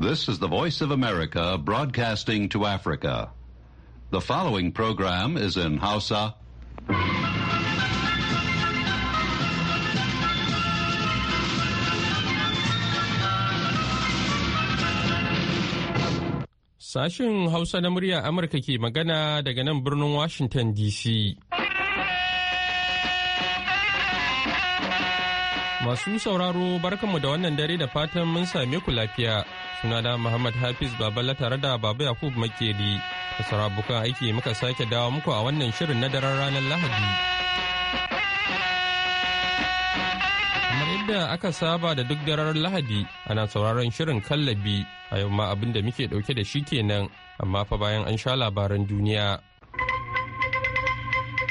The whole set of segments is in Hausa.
This is the Voice of America broadcasting to Africa. The following program is in Hausa. Sashen Hausa na murya Amurka ke magana daga nan birnin Washington DC. Masu sauraro barkanmu da wannan dare da fatan mun same ku lafiya. suna da Muhammad Hafiz Babala tare da Baba Yakub Makeri. Da sarabukan aiki muka sake dawo muku a wannan shirin na daren ranar Lahadi. Kamar yadda aka saba da duk daren Lahadi ana sauraron shirin kallabi a yau ma abin da muke dauke da shi kenan amma fa bayan an sha labaran duniya.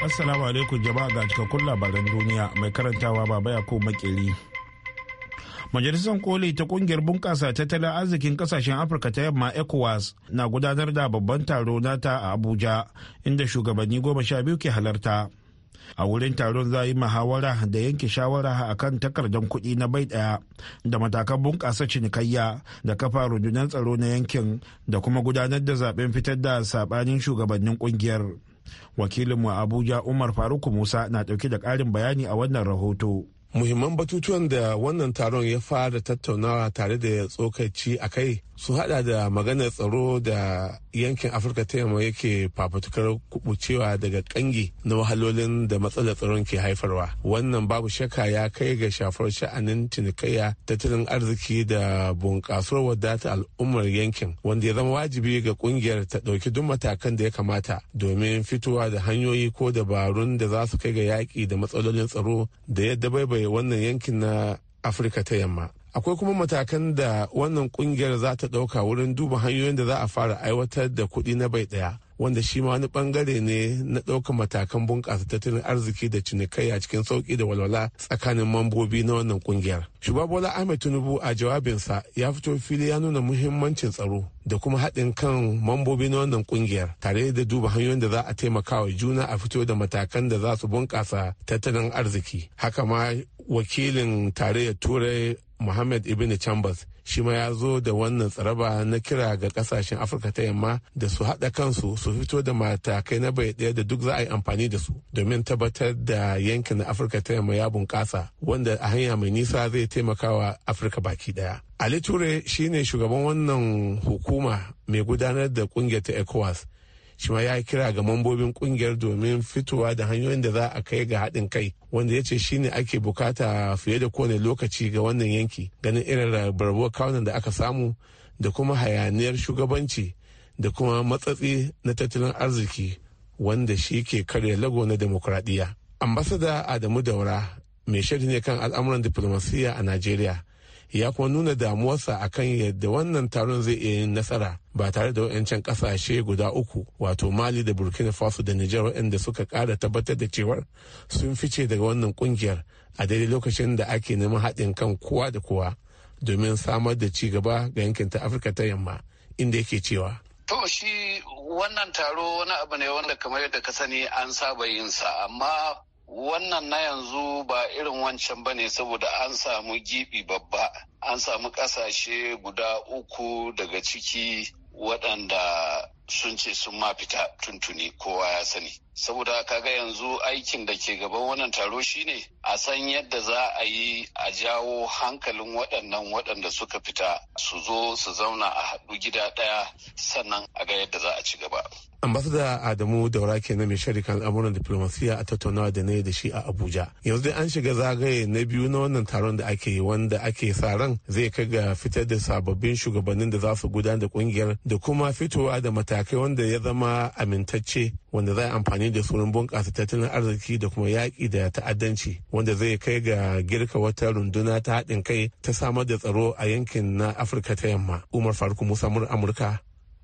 Assalamu alaikum jama'a ga cikakkun labaran duniya mai karantawa baba ya ko makeri. Majalisar koli ta kungiyar bunƙasa tattalin arzikin kasashen Afirka ta yamma ECOWAS na gudanar da babban taro nata a Abuja inda shugabanni goma sha biyu ke halarta. A wurin taron za yi muhawara da yanke shawara a kan takardar kuɗi na bai ɗaya da matakan bunƙasa cinikayya da kafa rundunar tsaro na yankin da kuma gudanar da zaben fitar da saɓanin shugabannin ƙungiyar. wakilinmu a abuja umar faruk musa na dauke da ƙarin bayani a wannan rahoto muhimman batutuwan da wannan taron ya fara tattaunawa tare da tsokaci a kai su hada da maganar tsaro da yankin afirka ta yamma yake fafutukar kubucewa daga kangi na wahalolin da matsalar tsaron ke haifarwa wannan babu shaka ya kai ga shafar sha'anin cinikayya tattalin arziki da bunkasuwar wadata al'ummar yankin wanda ya zama wajibi ga kungiyar ta ɗauki duk matakan da ya kamata domin fitowa da hanyoyi ko dabarun da za su kai ga yaƙi da matsalolin tsaro da yadda baibai kewaye wannan yankin na afirka ta yamma akwai kuma matakan da wannan kungiyar za ta ɗauka wurin duba hanyoyin da za a fara aiwatar da kuɗi na bai ɗaya wanda shi ma wani bangare ne na ɗaukar matakan bunƙasa tattalin arziki da cinikai a cikin sauƙi da walwala tsakanin mambobi na wannan kungiyar. Shugaba Ahmed Tinubu a jawabinsa ya fito fili ya nuna muhimmancin tsaro da kuma haɗin kan mambobi na wannan kungiyar tare da duba hanyoyin da za a taimaka wa juna a fito da matakan da za su bunƙasa tattalin arziki. Haka ma wakilin tarayyar turai Mohammed Ibn Chambers shi ma ya zo da wannan tsaraba na kira ga kasashen Afirka ta yamma da su haɗa kansu su fito da matakai na bai ɗaya da duk za a yi amfani da su domin tabbatar da yankin na Afirka ta yamma ya bunƙasa wanda a hanya mai nisa zai taimakawa Afirka baki ɗaya. Ali Ture ne shugaban wannan hukuma mai gudanar da ƙungiyar ta ECOWAS shi ma ya kira ga mambobin kungiyar domin fitowa da hanyoyin da za a kai ga haɗin kai wanda ya ce shi ne ake bukata fiye da kowane lokaci ga wannan yanki ganin irin rabuwar kawunan da aka samu da kuma hayaniyar shugabanci da kuma matsatsi na tattalin arziki wanda shi ke karya lago na demokradiyya ambasada adamu daura mai shaidu ne kan al'amuran diplomasiya a najeriya ya kuma nuna damuwarsa akan yadda wannan taron zai iya yin nasara ba tare da wayancan kasashe guda uku wato mali da burkina faso da nijar waɗanda suka kara tabbatar da cewar sun fice daga wannan kungiyar a daidai lokacin da ake neman haɗin kan kowa da kowa domin samar da ci gaba ga yankin ta afirka ta yamma inda yake cewa to shi wannan taro wani abu ne wanda kamar yadda ka sani an saba yin sa amma wannan na yanzu ba irin wancan ba ne saboda an samu gibi babba an samu kasashe guda uku daga ciki waɗanda sun ce sun ma fita tuntuni kowa ya sani saboda kaga yanzu aikin da ke gaban wannan taro shine a san yadda za a yi a jawo hankalin waɗannan waɗanda suka fita su zo su zauna a haɗu gida ɗaya sannan a ga yadda za a ci gaba. ambasada adamu daura kenan mai sharikan al'amuran diplomasiya a tattaunawa da na da shi a abuja yanzu dai an shiga zagaye na biyu na wannan taron da ake yi wanda ake sa ran zai kai ga fitar da sababbin shugabannin da za su gudanar da kungiyar da kuma fitowa da matakai wanda ya zama amintacce wanda za a amfani da sunan bunƙasa tattalin arziki da kuma yaƙi da ta'addanci wanda zai kai ga girka wata runduna ta haɗin kai ta samar da tsaro a yankin na afirka ta yamma umar faruk musa amurka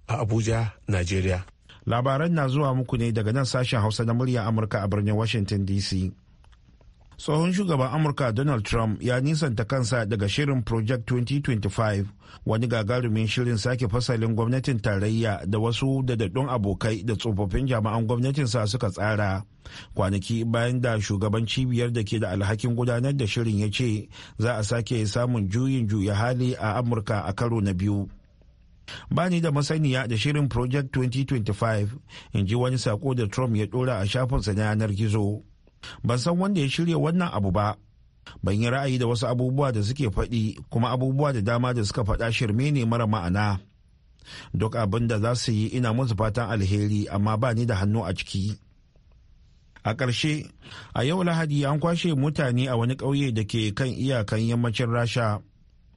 a abuja najeriya labaran na zuwa muku ne daga nan sashen hausa na murya amurka a birnin washington dc tsohon shugaban amurka donald trump ya nisanta kansa daga shirin project 2025 wani gagarumin shirin sake fasalin gwamnatin tarayya da wasu dadaddun abokai da tsofaffin jami'an gwamnatinsa suka tsara kwanaki bayan da shugaban cibiyar da ke da alhakin gudanar da shirin ya ce za a sake samun juyin juya hali a amurka a karo na biyu bani da masaniya da shirin project 2025 in ji wani sako da trump ya dora a shafinsa na yanar gizo ban san wanda ya shirya wannan abu ba ban yi ra'ayi da wasu abubuwa da suke faɗi kuma abubuwa da dama da suka faɗa shirme ne mara ma'ana duk abin da za su yi ina musu fatan alheri amma ba ni da hannu a ciki a ƙarshe a yau lahadi an kwashe mutane a wani ƙauye da ke kan iyakan yammacin rasha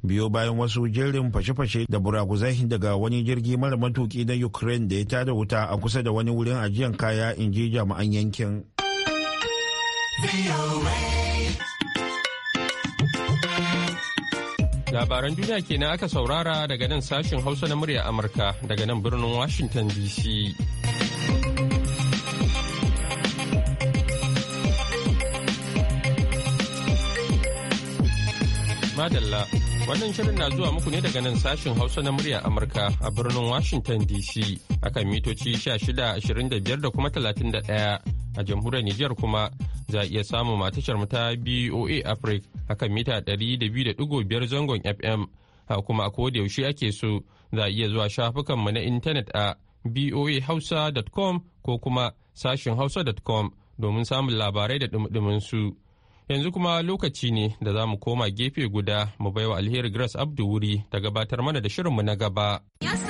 biyo bayan wasu jerin fashe-fashe da buraguzai daga wani jirgi mara matuki na ukraine da ya tada wuta a kusa da wani wurin ajiyar kaya in ji jami'an yankin Labaran duniya kenan aka saurara daga nan sashen Hausa na murya Amurka daga nan birnin Washington DC. Madalla. Wannan shirin na zuwa muku ne daga nan sashin Hausa na murya Amurka a birnin Washington DC akan mitoci 1625 da kuma 31 a jamhuriyar Nijar kuma za a iya samun matashar ta BOA Africa akan mita 200.5 zangon FM a kuma a koda yaushe ake so za a iya zuwa shafukanmu na intanet a boahausa.com ko kuma sashin hausa.com domin samun labarai da dumudumin su. Yanzu kuma lokaci ne da za mu koma gefe guda mu baiwa alheri Grace Abdu wuri ta gabatar mana da shirinmu na gaba. Yes,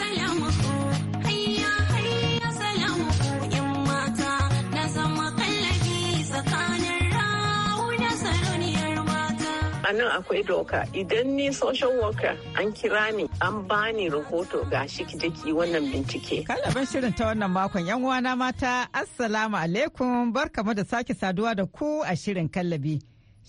a nan akwai doka idan ni social worker an kira ni an bani rahoto ga shi ki wannan bincike. Kalaban shirin ta wannan makon yan uwana mata assalamu alaikum barkamu da sake saduwa da ku a shirin kallabi.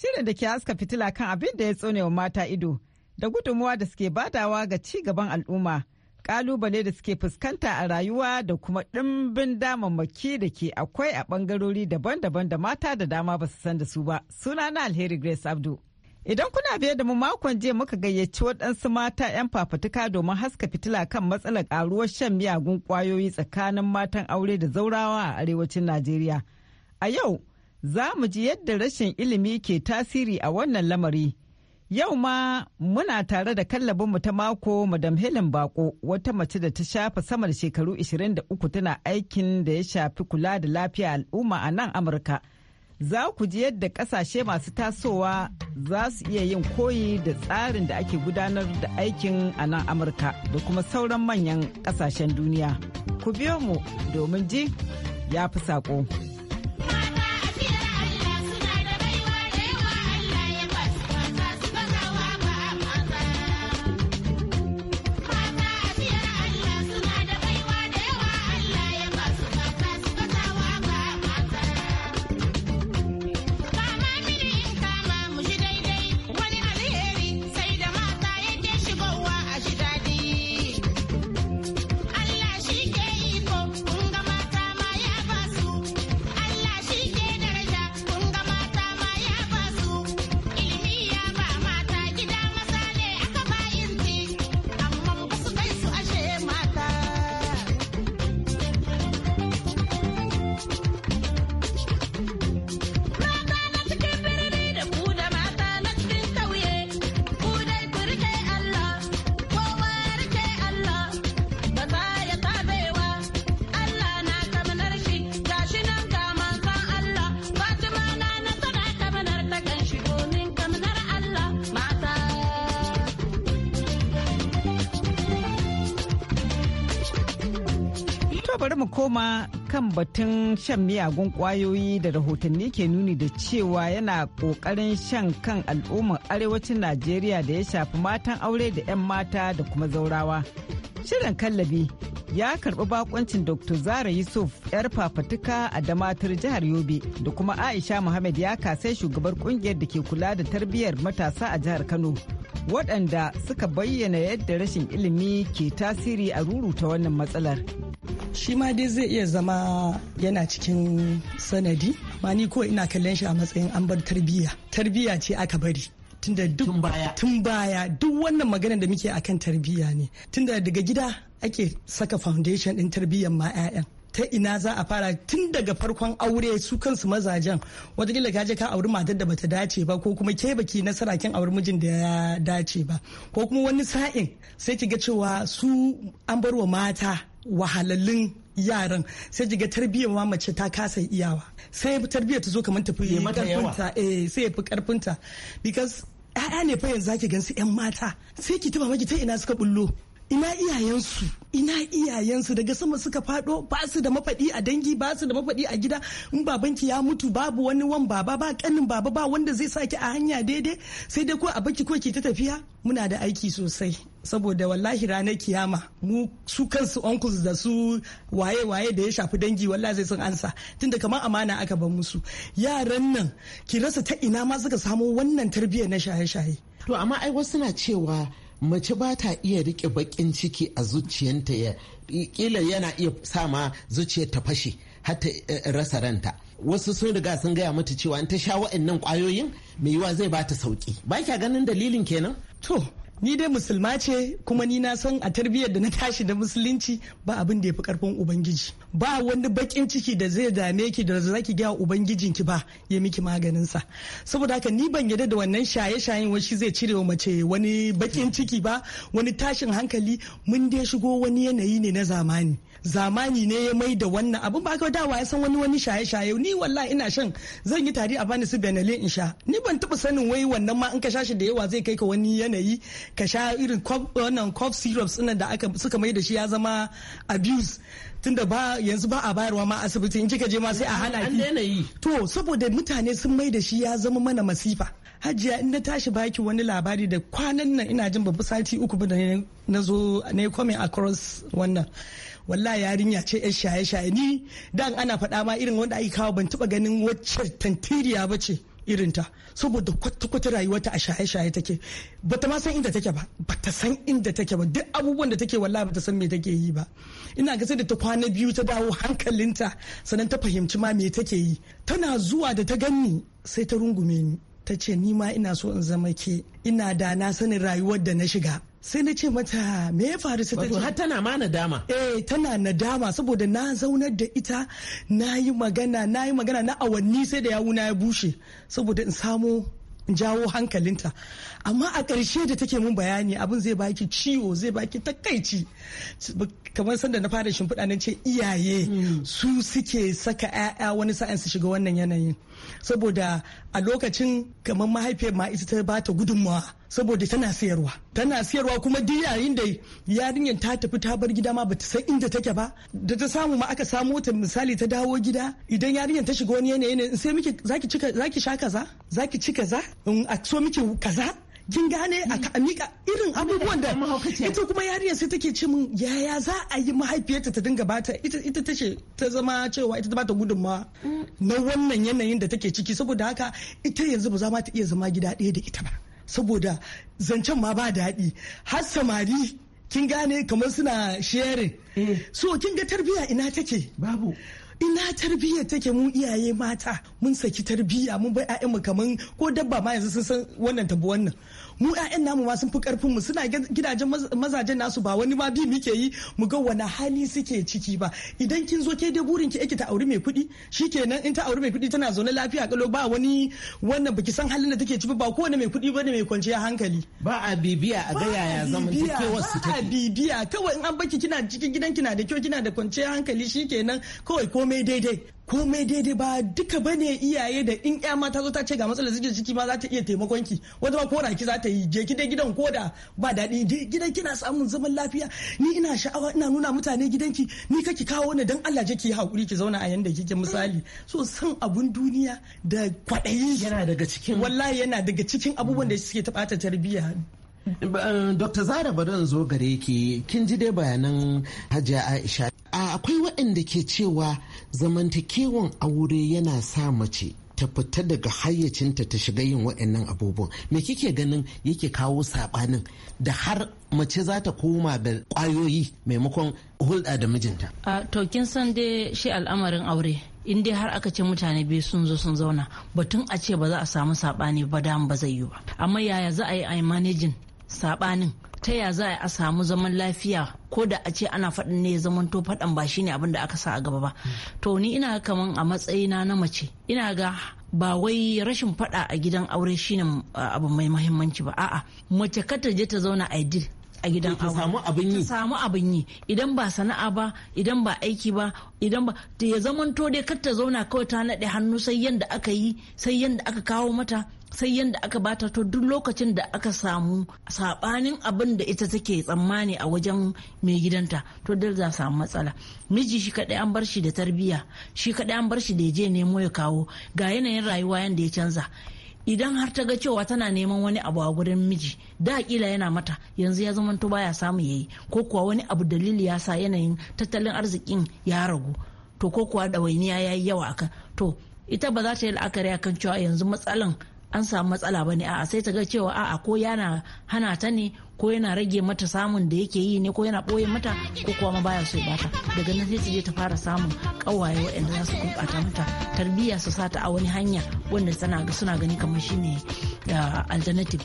Shirin da ke haska fitila kan abin da ya tsone wa mata ido da gudunmuwa da suke badawa ga ci gaban al'umma. kalubale da suke fuskanta a rayuwa da kuma ɗimbin damammaki da ke akwai a ɓangarori daban-daban da mata da dama ba su san da su ba. Sunana Alheri Grace Abdu. Idan kuna biye da mu makon jiya muka gayyaci waɗansu mata 'yan fafutuka domin haska fitila kan matsalar ƙaruwar shan miyagun ƙwayoyi tsakanin matan aure da zaurawa a arewacin Najeriya. A yau, za mu ji yadda rashin ilimi ke tasiri a wannan lamari. Yau ma muna tare da kallabinmu ta mako Madam Helen Bako wata mace da ta shafa sama da shekaru 23 tana aikin da ya shafi kula da lafiya al'umma a nan Amurka. za ku ji yadda kasashe masu tasowa za su iya yin koyi da tsarin da ake gudanar da aikin a nan amurka da kuma sauran manyan kasashen duniya ku biyo mu domin ji ya fi saƙo. koma kan batun shan miyagun kwayoyi da rahotanni ke nuni da cewa yana kokarin shan kan al'ummar arewacin najeriya da ya shafi matan aure da 'yan mata da kuma zaurawa shirin kallabi ya karbi bakoncin dr zara yusuf yar fafatuka a damatar jihar yobe da kuma aisha muhammad ya kasai shugabar kungiyar da ke kula da tarbiyyar matasa a jihar kano waɗanda suka bayyana yadda rashin ilimi ke tasiri a ruru ta wannan matsalar shi ma dai zai iya zama yana cikin sanadi ma ni ko ina kallon shi a matsayin an bar tarbiyya tarbiyya ce aka bari tunda duk tun baya duk wannan maganar da muke akan tarbiyya ne tunda daga gida ake saka foundation din tarbiyyar ma 'ya'yan ta ina za a fara tun daga farkon aure su kansu mazajen gila ka je ka auri matar da bata dace ba ko kuma ke baki nasara kin auri mijin da ya dace ba ko kuma wani sa'in sai ki ga cewa su an bar wa mata wahalallun yaran sai jiga tarbiyyar ma mace ta kasa iyawa sai tarbiyyar ta zo kamar ta fiye karfinta eh sai ya fi karfinta because ƴaƴa ne fa yanzu zaki gan su ƴan mata sai ki tuba maki ta ina suka bullo ina iyayensu ina iyayensu daga sama suka fado ba su da mafaɗi a dangi ba su da mafaɗi a gida in babanki ya mutu babu wani wan baba ba kanin baba ba wanda zai saki a hanya daidai sai dai ko a baki ko ki ta tafiya muna da aiki sosai saboda wallahi ranar kiyama mu su kansu uncles da su waye waye da ya shafi dangi wallahi zai sun ansa tunda kamar amana aka bar musu yaran nan ki rasa ta ina ma suka samo wannan tarbiyyar na shaye-shaye to amma ai wasu na cewa mace ba ta iya rike bakin ciki a zuciyanta ya kila yana iya sama zuciyar ta fashe har ta eh, eh, rasa ranta wasu sun riga sun gaya mata cewa in ta sha wa'annan kwayoyin mai yiwa zai ba ta sauki ba ganin dalilin kenan to ni dai musulma ce kuma ni na san a tarbiyyar da na tashi da musulunci ba abin da ya fi karfin ubangiji ba wani bakin ciki da zai dame ki da ki gaya ubangijinki ba ya miki maganinsa saboda haka ni ban yarda da wannan shaye-shayen wani zai cire wa mace wani bakin ciki ba wani tashin hankali mun dai shigo wani yanayi ne na zamani zamani ne ya mai da wannan abin ba ka dawa ya san wani wani shaye-shaye ni wallahi ina shan zan yi tari a bani su benelin in sha ni ban taba sanin wai wannan ma in ka sha da yawa zai kai ka wani yanayi ka sha irin wannan cough syrups sunan da aka suka mai da shi ya zama abuse tunda ba yanzu ba a bayarwa ma asibiti in kika je ma sai a hana ki to saboda mutane sun mai da shi ya zama mana masifa hajiya in na tashi baki wani labari da kwanan nan ina jin babu sati uku ba na zo na yi across wannan wallahi yarinya ce yar shaye-shaye ni dan ana faɗa ma irin wanda ake kawo ban taɓa ganin wacce tantiriya ba ce irinta saboda kwata-kwata rayuwarta a shaye-shaye take ba ta san inda take ba ba ta san inda take ba duk abubuwan da take wallahi ba ta san me take yi ba ina ga sai da ta kwana biyu ta dawo hankalinta sannan ta fahimci ma me take yi tana zuwa da ta ganni sai ta rungume ni ta ce ni ma ina so in zama ke ina da na sanin rayuwar da na shiga sai na ce mata me ya faru sai ta ce har tana ma nadama eh tana nadama saboda na zaunar da ita na yi magana na yi magana na awanni sai da yawuna ya bushe saboda in samo in jawo hankalinta amma a ƙarshe da take mun bayani abin zai baki ciwo zai baki takaici kamar sanda na fara shimfiɗa na ce iyaye hmm. su suke saka 'ya'ya wani sa'an su shiga wannan yanayin saboda a lokacin kamar mahaifiyar ma ita ta bata gudunmawa saboda tana sayarwa tana sayarwa kuma duk yayin da yarinyar ta tafi ta bar gida ma bata san inda take ba da ta samu ma aka samo ta misali ta dawo gida idan yarinyar ta shiga wani yanayi ne sai miki zaki cika zaki sha kaza zaki ci kaza in a so miki kaza kin gane a mika irin abubuwan da ita kuma yarinyar sai take ce min yaya za a yi mahaifiyarta ta dinga bata ita ita tace ta zama cewa ita ta bata gudunmawa na wannan yanayin da take ciki saboda haka ita yanzu ba za ma ta iya zama gida ɗaya da ita ba saboda zancen ma ba daɗi har samari kin gane kamar suna sharing eh. so kin ga tarbiyya ina take babu ina tarbiyyar take mu iyaye mata mun saki tarbiyya mun bai mu kaman ko dabba ma yanzu sun san wannan tabu wannan mu yayan namu ma sun fi karfin mu suna gidajen mazajen nasu ba wani ma bi muke yi mu ga wani hali suke ciki ba idan kin zo ke dai burin ki yake ta auri mai kuɗi shikenan in ta auri mai kuɗi tana zaune lafiya kalo ba wani wannan baki san halin da take ciki ba kowane mai kuɗi ba ne mai kwanciya hankali ba a bibiya a ga yaya zamantakewar su take ba a bibiya kawai in an baki kina cikin gidan kina da kyau kina da kwanciyar hankali shikenan kawai komai daidai komai daidai ba duka bane iyaye da in ƴa mata zo ta ce ga matsalar zuciya ciki ma za ta iya taimakon ki wata ma kora ki za ta yi je ki dai gidan ko da ba daɗi gidan kina samun zaman lafiya ni ina sha'awa ina nuna mutane gidan ki ni ka ki kawo ni dan Allah je ki hakuri ki zauna a yanda kike misali so san abun duniya da kwaɗayi yana daga cikin wallahi yana daga cikin abubuwan da suke taɓata tarbiyya Eh, Dokta Zara Badon zo gare ki kin ji dai bayanan Hajiya Aisha. Akwai waɗanda ke cewa zamantakewan aure yana sa mace ta fita daga hayyacinta ta shiga yin waɗannan abubuwan. Me kike ganin yake kawo saɓanin da har mace za ta koma da ƙwayoyi maimakon hulɗa da mijinta? A to kin san dai shi al'amarin aure. in dai har aka ce mutane biyu sun zo sun zauna batun a ce ba za a samu saɓani ba dam ba zai yi ba amma yaya za a yi a manejin sabanin ta ya za a samu zaman lafiya ko da a ce ana faɗin ne zaman to faɗan ba shine abin da aka sa a gaba ba to ni ina kaman a matsayina na mace ina ga ba wai rashin faɗa a gidan aure shine abu mai mahimmanci ba a'a mace ta je ta zauna a a gidan aure ta samu abin yi idan ba sana'a ba idan ba aiki ba idan ba ya zamanto dai kar ta zauna kawai ta naɗe hannu sai yanda aka yi sai yanda aka kawo mata sai yadda aka bata to duk lokacin da aka samu sabanin abin da ita take tsammani a wajen mai gidanta to duk za samu matsala miji shi kadai an bar shi da tarbiyya shi kadai an bar shi da je nemo ya kawo ga yanayin rayuwa yanda ya canza idan har ta ga cewa tana neman wani abu a gurin miji da kila yana mata yanzu ya zamanto baya samu yayi ko kuwa wani abu dalili ya sa yanayin tattalin arzikin ya ragu to ko kuwa dawainiya ya yi yawa akan to ita ba za ta yi la'akari akan cewa yanzu matsalan an samu matsala bane a'a sai ta ga cewa a'a ko yana hana ta ne ko yana rage mata samun da yake yi ne ko yana ɓoye mata ko kuwa ma baya so bata daga nan sai su je ta fara samun ƙawaye waɗanda za su kumɓata mata tarbiyya su sa ta a wani hanya wanda suna gani kamar shine eh, alternative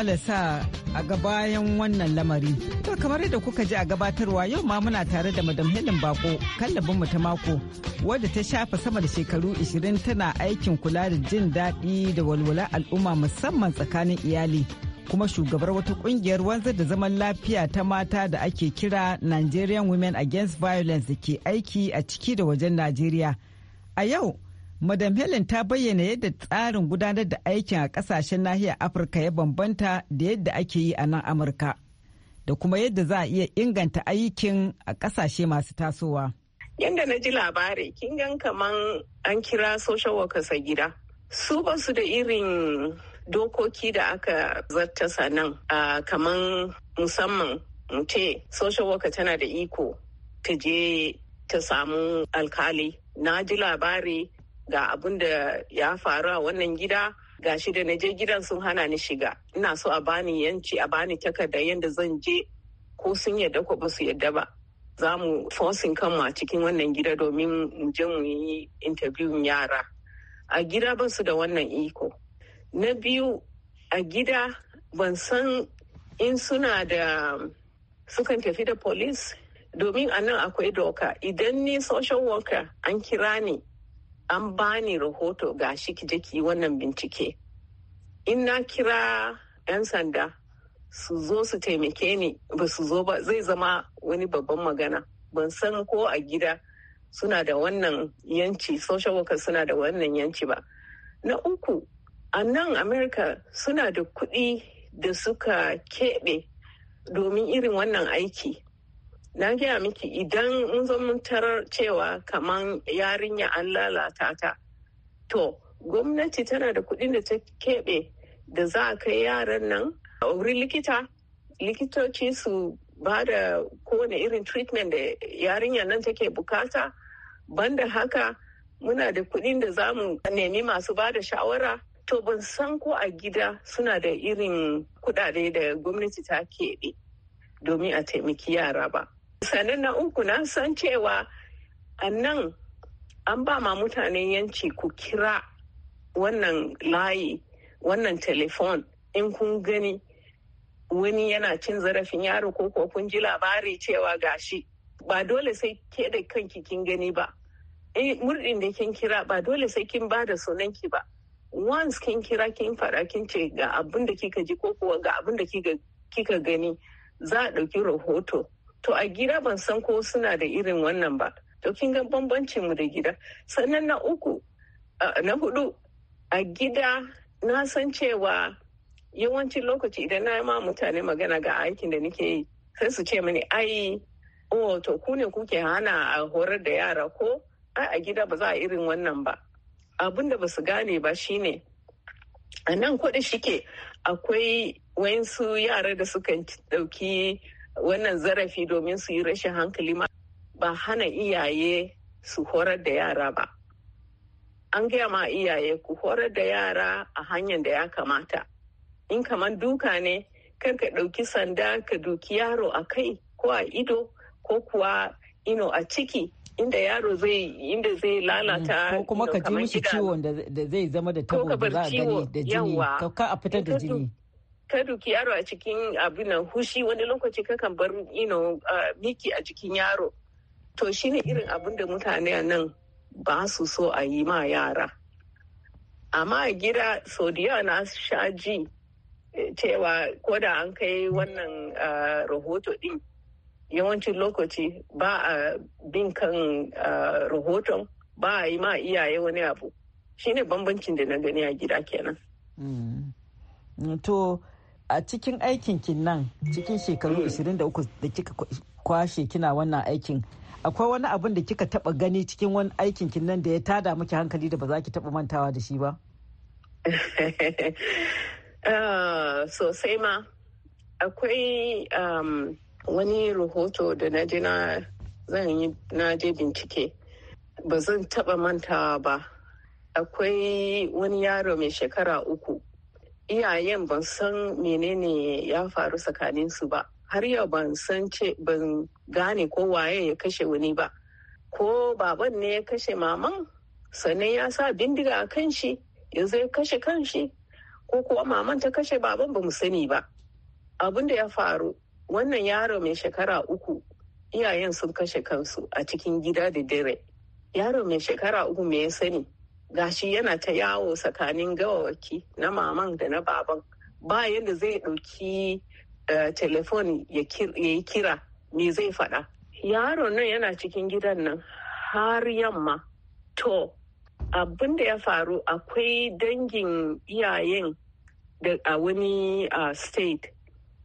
Allah sa a gabayan wannan lamari. To kamar yadda kuka ji a gabatarwa yau ma muna tare da madam Helen Bako mu ta mako wadda ta shafa sama da shekaru 20 tana aikin kula da jin daɗi da walwala al'umma musamman tsakanin iyali. kuma shugabar wata kungiyar wanzar da zaman lafiya ta mata da ake kira Nigerian Women Against Violence da ke aiki a ciki da wajen Najeriya. A yau Madam Helen ta bayyana yadda tsarin gudanar da aikin a kasashen nahiyar Afirka ya bambanta da yadda ake yi a nan Amurka da kuma yadda za a iya inganta aikin a kasashe masu tasowa. Yadda na ji labari, kin gan kaman an kira social workers a gida. Su ba su da irin dokoki da aka zartasa nan uh, kaman musamman ce social worker tana da iko ta je ta samu alkali na ji labari ga abun da ya faru a wannan gida ga shi da na je gidan sun hana ni shiga ina so a bani yanci a bani takarda yadda zan je ko sun yadda ko ba su yadda ba za mu fosin kanmu a cikin wannan gida domin mu je mu yi interview yara a gida ba su da wannan iko na biyu a gida ban san in suna da sukan tafi da police domin a nan akwai doka idan ni social worker an kira ni an bani rahoto ga shi ki jiki wannan bincike in na kira 'yan sanda su zo su taimake ni ba su zo ba zai zama wani babban magana ban san ko a gida suna da wannan yanci social worker suna da wannan yanci ba na uku a nan america suna da kuɗi da suka keɓe domin irin wannan aiki na gaya miki idan mun zo mun tarar cewa kaman yarinya an lalata ta to gwamnati tana da kuɗin da ta keɓe da za a kai yaran nan a wurin likita likitoci su ba da kowane irin treatment da yarinya nan take bukata banda haka muna da kuɗin da za mu nemi masu ba da shawara to ban san ko a gida suna da irin kuɗaɗe da gwamnati ta keɓe domin a taimaki yara ba sannan na uku na san cewa a nan an ba ma mutanen yanci ku kira wannan layi wannan telefon in kun gani wani yana cin zarafin yaro ko ko kun ji labari cewa gashi ba dole sai ke da kanki kin gani ba eh, murdin da kin kira ba dole sai kin ba da sunanki ba once kin kira kin fara kin ce ga abin da kika ji ko kuwa ga abin da kika gani za a ɗauki rahoto to a gida ban san ko suna da irin wannan ba to kin ga bambancin mu da gida sannan na uku na hudu a gida na san cewa yawancin lokaci idan na ma mutane magana ga aikin da nake yi sai su ce mani ai oh to ku ne kuke hana a horar da yara ko ai a gida ba za a irin wannan ba abin da ba su gane ba shine a nan kuɗi shike akwai wayansu yara da suka ɗauki wannan zarafi domin su yi rashin hankali ma ba hana iyaye su horar da yara ba an gaya ma iyaye ku horar da yara a hanyar da ya kamata in kamar duka ne kar ka ɗauki sanda ka duki yaro a kai ko a ido ko kuwa ino a ciki inda yaro zai inda zai lalata mm, ko kuma ka ji mishi ciwon da zai zama da tabo da za a gani da jini ka a fitar da jini ka duki yaro a cikin abu nan hushi wani lokaci kakan bar you miki a cikin yaro to shine irin abin da mutane nan ba su so a yi ma yara amma a gida sau da na sha ji eh, cewa ko da an kai wannan uh, rahoto din yawancin lokaci ba a bin kan uh, rahoton ba a yi ma iyaye wani abu shine bambancin da na gani a gida kenan. Mm. to a cikin aikin kin nan cikin shekaru 23 mm. da kika kwashe kina wannan aikin akwai wani abin da kika taba gani cikin wani aikin kin nan da ya tada miki hankali da ba za ki taba mantawa da shi ba ah, sosai ma akwai um, wani rahoto da na je na zan yi na je bincike ba zan taba mantawa ba akwai wani yaro mai shekara uku iyayen ban san menene ya faru tsakaninsu ba har yau ban san ce ban gane ko waye ya kashe wani ba ko baban ne ya kashe maman sannan ya sa bindiga a kan shi yanzu ya kashe kan shi ko kuwa maman ta kashe baban ba mu sani ba abin da ya faru wannan yaro mai shekara uku iyayen sun kashe kansu a cikin gida da dare yaro mai shekara uku me ya sani gashi yana ta yawo tsakanin gawawaki na maman da na baban ba yadda zai ɗauki eh, telefon ya yi kira me zai faɗa yaro nan yana cikin gidan nan har yamma to abin da ya faru akwai dangin iyayen da a wani state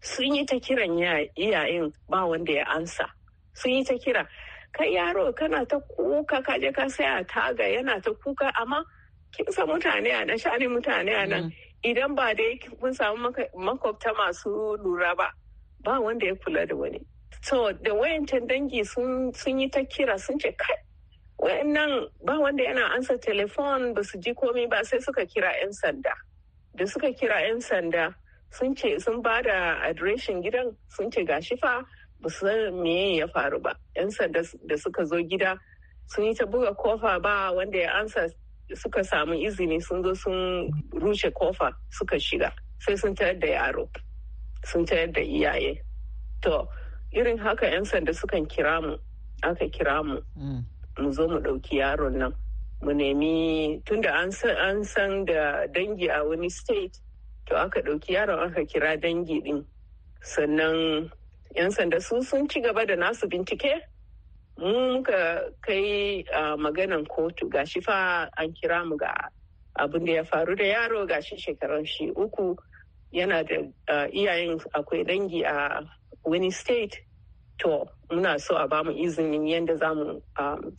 sun yi ta kiran iyayen ba wanda ya ansa sun yi ta kira ka yaro kana ta kuka ka je ka saya taga yana ta kuka amma kin san mutane a nan shani mutane a nan mm. idan ba da kun samu makwabta masu lura ba ba wanda ya kula da wani so da wayancan dangi sun yi ta kira sun ce kai wayannan ba wanda yana ansa telefon ba su ji komai ba sai suka kira 'yan sanda da suka kira 'yan sanda sun ce sun ba da adireshin gidan sun ce gashi fa ba su san meye ya faru ba yan sanda da suka zo gida sun yi ta buga kofa ba wanda ya ansa suka samu izini sun zo sun rushe kofa suka shiga sai sun tayar da yaro sun tayar da iyaye to irin haka yan sanda sukan kira mu aka kira mu mm. mu zo mu ɗauki yaron nan mu nemi tunda an san da dangi a wani state to aka ɗauki yaron aka kira dangi ɗin sannan 'yan sanda su sun ci gaba da nasu bincike mu ka kai uh, maganan kotu gashi fa an kira mu ga abin da ya faru da yaro gashi shekaran shi uku yana da uh, iyayen akwai dangi a uh, wani state to muna so a bamu izinin yadda za mu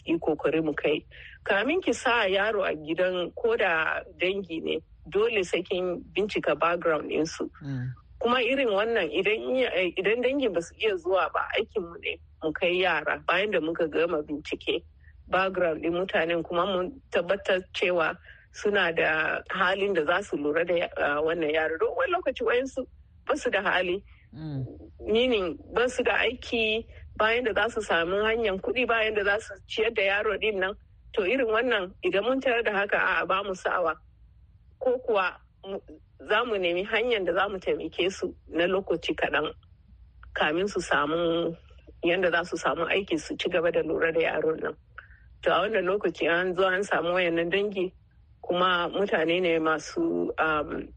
yi kokari mu kai kamin ki sa yaro a gidan ko da dangi ne dole sakin bincika background ɗinsu mm. kuma irin wannan idan eh, dangi ba su iya zuwa ba aikinmu ne mu kai yara bayan da muka gama bincike background din mutanen kuma mun tabbatar cewa suna da halin da za su lura da eh, wannan yara don wani lokaci wayansu ba su da hali mm. nini ba su da aiki bayan da za su samu hanyar kuɗi bayan da za su ciyar da yaro din nan to irin wannan idan mun tare da haka a ba mu sawa ko kuwa za mu nemi hanyar da za mu taimake su na lokaci kaɗan kamin su samu yadda za su samu aiki su ci gaba da lura da yaron nan to a wannan lokaci an zo an samu wayannan dangi kuma mutane ne masu um,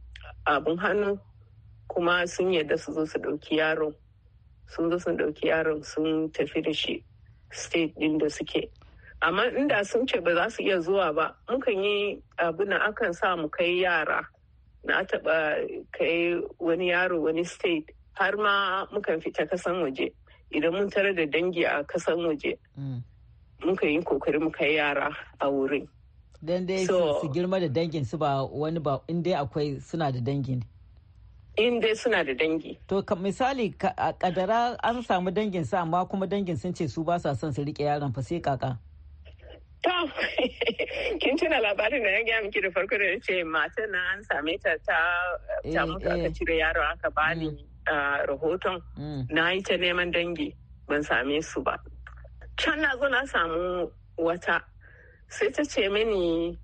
abin hannu kuma sun yadda su zo su ɗauki yaron sun zo sun ɗauki yaron sun tafi da shi state ɗin da suke amma inda sun ce ba za su iya zuwa ba mukan yi abin akan sa mu kai yara na taɓa kai wani yaro wani state har ma mukan fita kasan waje idan mun tare da dangi a kasan waje mm. muka yi kokari muka yi yara a wurin dan dai su girma da dangin su ba wani ba in dai akwai suna da dangi in dai suna da dangi to misali a kadara an samu dangin su amma kuma dangin sun ce su ba sa son su rike yaron fa sai kaka To, kin tuna labarin da na gaya miki da farko da ya ce matan na an same ta ta eh, mutu aka eh. cire yaro aka bani mm. rahoton mm. na yi ta neman dangi ban same su ba. Can na zo na samu wata sai ta ce mini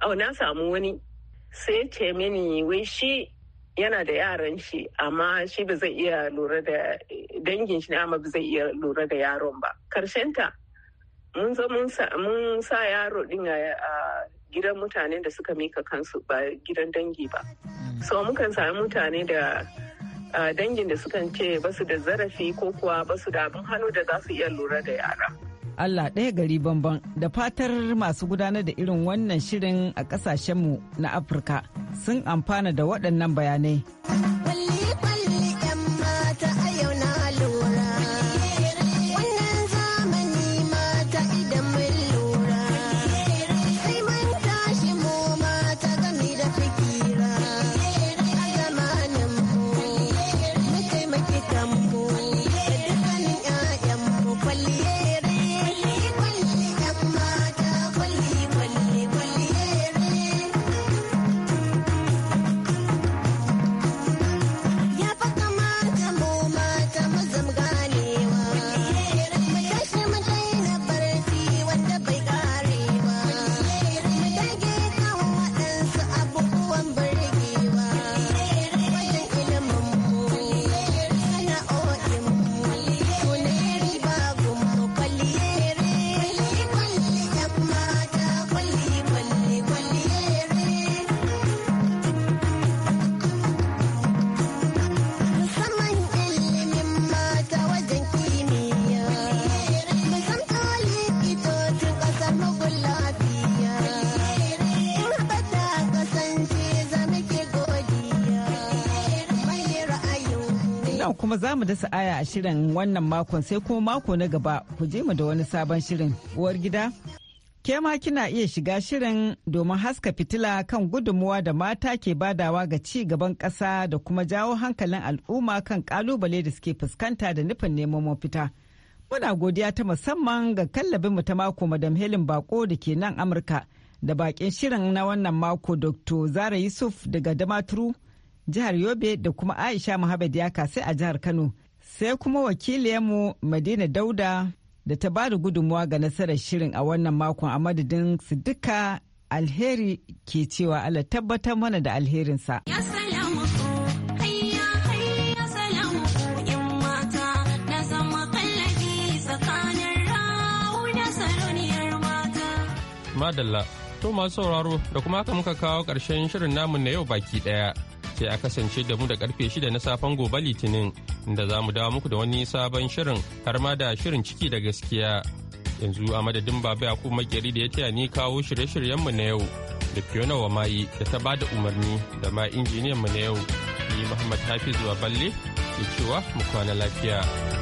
au na samu wani sai ce mini wai shi yana da yaran shi amma shi ba zai iya lura da dangin shi ne amma ba zai iya lura da yaron ba. Karshenta mun sa yaro din a gidan mutane da suka mika kansu ba gidan dangi ba so mukan sami mutane da dangin da sukan ce basu da zarafi ko kuwa basu da abin hannu da za su iya lura da yara Allah ɗaya gari bamban da fatar masu gudanar da irin wannan shirin a ƙasashenmu na Afirka sun amfana da waɗannan bayanai. nan kuma za mu dasa aya a shirin wannan makon sai kuma mako na gaba ku je mu da wani sabon shirin. Uwar gida, ke ma kina iya shiga shirin domin haska fitila kan gudunmuwa da mata ke badawa ga ci gaban ƙasa da kuma jawo hankalin al'umma kan kalubale da suke fuskanta da nufin neman mafita. Muna godiya ta musamman ga kallabin mu ta mako Madam Helen Bako da ke nan Amurka da bakin shirin na wannan mako Dr. Zara Yusuf daga Damaturu. jihar Yobe da kuma Aisha Muhammad ya kasai a jihar Kano. Sai kuma wakiliyarmu Madina Dauda da ta bada gudunmuwa ga nasarar shirin a wannan makon a madadin su duka alheri ke cewa Allah tabbatar mana da alherinsa. Madalla, to masu sauraro da kuma haka muka kawo ƙarshen shirin namun na yau baki ɗaya. sai a kasance da mu da karfe shida na safen gobe litinin inda za mu dawo muku da wani sabon shirin har ma da shirin ciki da gaskiya yanzu a madadin baba yakub makeri da ya taya ni kawo shirye-shiryenmu na yau da fiona wa mayi da ta bada umarni da ma injiniyan mu na yau ni muhammad hafiz balle ke cewa mu kwana lafiya.